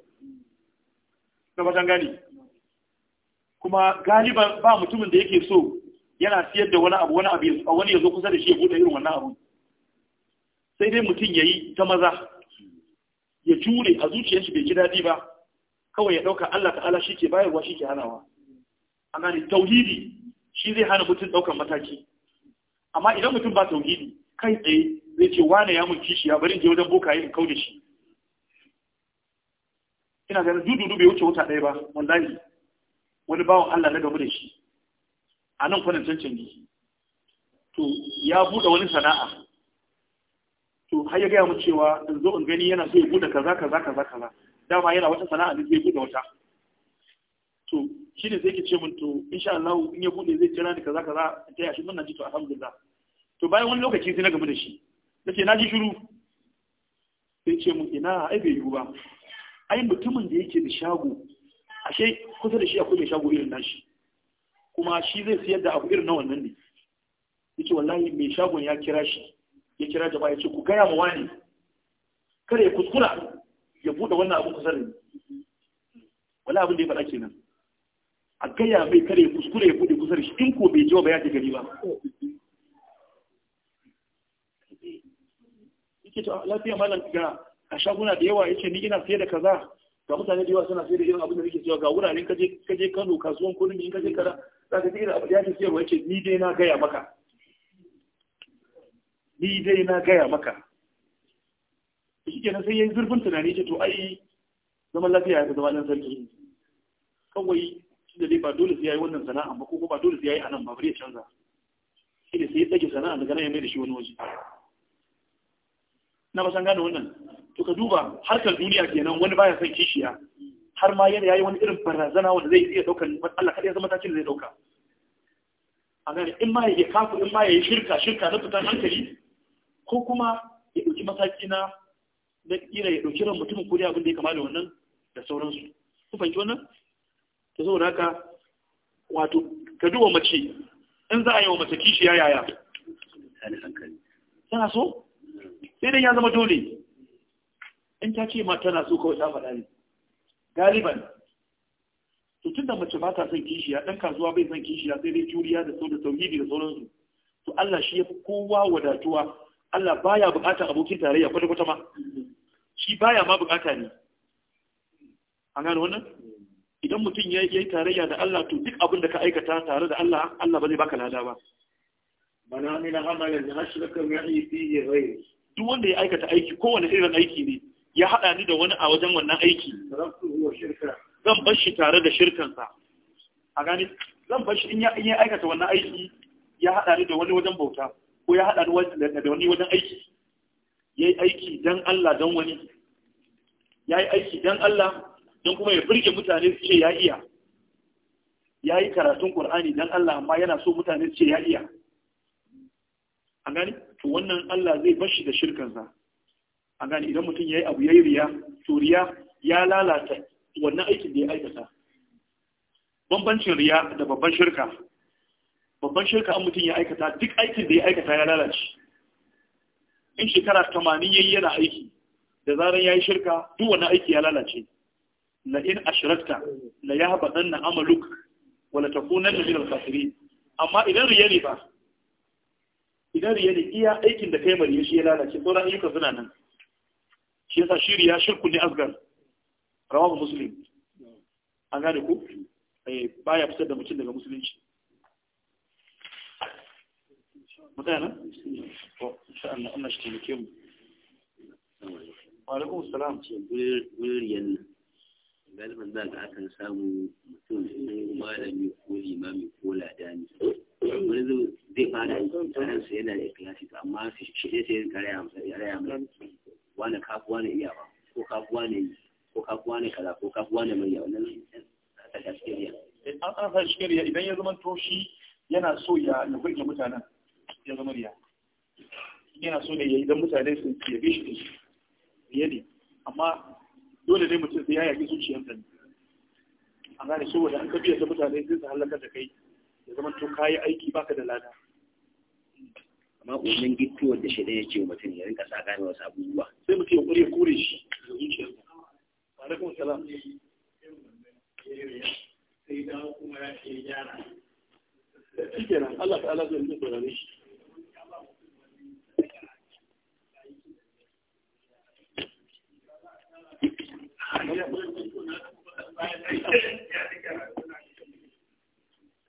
na fatan gani kuma Galiba ba mutumin da yake so yana siyar da wani abu wani abu wani ya zo kusa da shi ya bude irin wannan abu sai dai mutum ya yi ta maza ya jure a zuciyar shi bai ji daɗi ba kawai ya ɗauka Allah ta'ala shi ke bayarwa shi ke hanawa a gani tauhidi shi zai hana mutum ɗaukar mataki amma idan mutum ba tauhidi kai tsaye zai ce wane ya mun kishi ya bari je wajen bokaye in da shi ina ganin dududu bai wuce wata ɗaya ba wallahi wani bawan Allah na gaba da shi a nan kwanan cancan ne to ya buɗe wani sana'a to har ya gaya mu cewa in zo in gani yana so ya buɗe kaza kaza kaza kaza dama yana wata sana'a ne zai buɗe wata to shi ne zai ke ce min to insha Allah in ya buɗe zai jira ni kaza kaza ta yashi mun na ji to alhamdulillah to bayan wani lokaci sai na gamu da shi na ce na ji shiru sai ce mun ina ai bai yiwu ba ai mutumin da yake da shago ashe kusa da shi akwai mai shago irin nashi kuma shi zai siyar da abu irin na wannan ne yace wallahi mai shagon ya kira shi ya kira jama'a ya ce ku gaya ma wani kada ya kuskura ya bude wannan abu kusa da ni wala abin da ya faɗa kenan a gaya mai kare ya kuskura ya bude kusa da shi in ko bai jiwa ba ya ji gari ba ce lafiya malam ga a shaguna da yawa yace ni ina fiye da kaza ga mutane da yawa suna fiye da irin abin da nake cewa ga wuraren kaje kaje Kano kasuwan Kurmi in kaje kaza za ka ji irin abin da yake cewa yace ni dai na gaya maka ni dai na gaya maka shi kenan sai yayi zurfin tunani ce to ai zaman lafiya ya zama dan sarki kawai da dai ba dole sai yayi wannan sana'a ba ko ba dole sai yayi anan ba bari ya canza shi da sai ya tsage sana'a daga nan ya mai da shi wani waje na ba san gane wannan to ka duba harkar duniya kenan wani baya son kishiya har ma yana yayi wani irin barazana wanda zai iya daukar Allah kada ya zama matakin zai dauka a gane in ma yake kafu in ma yayi shirka shirka na fitan hankali ko kuma ya dauki mataki na da kira ya dauki ran mutumin ko dai abin da ya kamata wannan da sauransu ku fahimci wannan to saboda haka wato ka duba mace in za a yi wa mace kishiya yaya sana so sai dai ya zama dole in ta ce mata na so kawai ta faɗa ne galiban to tunda mace ba ta son kishiya ɗan kasuwa bai son kishiya sai dai juriya da sau da tauhidi da sauransu to Allah shi ya fi kowa wadatuwa Allah baya bukata abokin tarayya kwata-kwata ma shi baya ma buƙata ne an gano wannan idan mutum ya yi tarayya da Allah to duk abin da ka aikata tare da Allah Allah ba zai baka lada ba mana min amalin ya ma'i fiye rai duk wanda ya aikata aiki kowane irin aiki ne ya haɗa ni da wani a wajen wannan aiki zan bar shi tare da shirkansa a gani zan bar shi in ya aikata wannan aiki ya haɗa ni da wani wajen bauta ko ya haɗa ni da wani wajen aiki ya yi aiki don Allah don wani ya yi aiki don Allah don kuma ya birge mutane su ce ya iya ya yi karatun ƙur'ani don Allah amma yana so mutane su ce ya iya a gani to wannan Allah zai bashi da shirkansa a gani idan mutum ya yi abu ya yi riya to riya ya lalata wannan aikin da ya aikata bambancin riya da babban shirka babban shirka an mutum ya aikata duk aikin da ya aikata ya lalace in shekara tamanin yayi yana aiki da zaran ya yi shirka duk wannan aiki ya lalace la in ashrakta la yahbatanna amaluk wa la takunanna min al-khasirin amma idan riya ne ba idan riya ne iya aikin da kai mariya shi ya lalace sauran ayyuka suna nan shi yasa shiri ya shirku ne asgar rawahu muslim an gane ku eh baya fitar da mutum daga musulunci mutane ko oh, insha Allah Allah shi ne kemu alaikum salam ce guriyan galiban da aka samu mutum ne malami ko limami ko ladani wani zai fara tsarin su yana da ikilasi amma shi ne sai karaya mai karaya mai wani kafuwa ne iyawa ko kafuwa ne ko kafuwa ne kaza ko kafuwa ne mai yawa nan ta gaskiriya an an fara shikiriya idan ya zama to yana so ya ya burge mutanen ya zama riya yana so ne ya idan mutane su ya yabe shi da shi riya ne amma dole ne mutum sai ya yaƙi zuciyarsa ne an gane saboda an kabiya ta mutane sai su halakar da kai ya zama to kayi aiki baka da lada amma wannan shi da shaidan yake wa mutum ya rinka sa ne wasu abubuwa sai mutum ya kure kure shi da alaikum salam sai dawo kuma ya ce gyara shi ta Allah ta'ala zai rinka saurare shi Thank you.